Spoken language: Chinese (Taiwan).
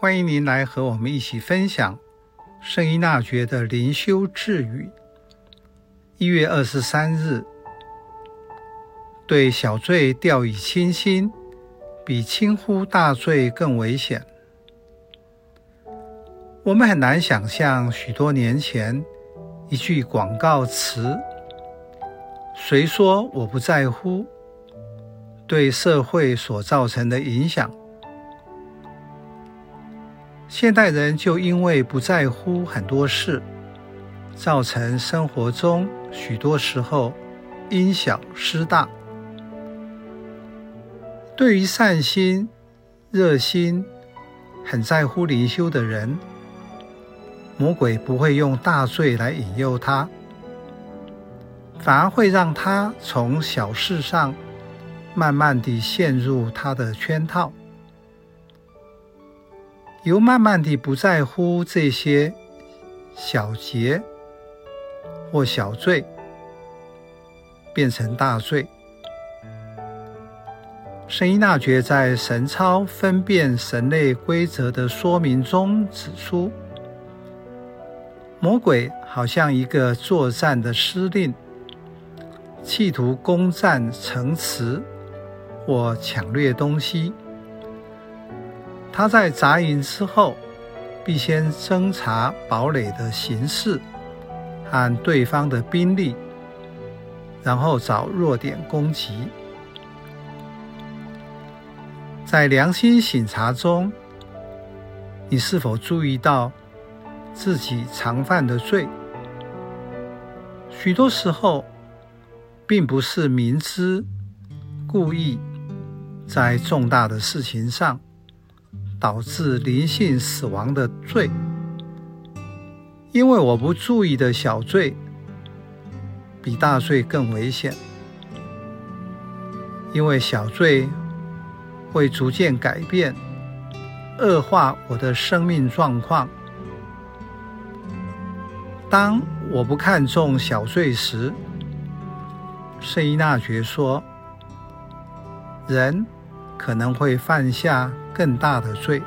歡迎您來和我們一起分享聖依納爵的靈修智語。一月二十三日，對小罪掉以輕心，比輕忽大罪更危險。我們很難想象，許多年前一句廣告詞：“誰說我不在乎？”對社會所造成的影響。現代人就因為不在乎很多事，造成生活中許多時候因小失大。對於善心、熱心、很在乎靈修的人，魔鬼不會用大罪來引誘他，反而會讓他從小事上慢慢地陷入他的圈套。由慢慢地不在乎這些小節或小罪，變成大罪。聖依納爵在《神操》分辨神類規則的說明中指出，魔鬼好像一個作戰的司令，企圖攻佔城池或搶掠東西。他在紮營之後，必先偵查堡壘的形勢和對方的兵力，然後找弱點攻擊。在良心省察中，你是否注意到自己常犯的罪？許多時候，並不是明知故意，在重大的事情上。導致靈性死亡的罪，因為我不注意的小罪比大罪更危險，因為小罪會逐漸改變、惡化我的生命狀況。當我不看重小罪時，聖依納爵說，人可能會犯下更大的罪。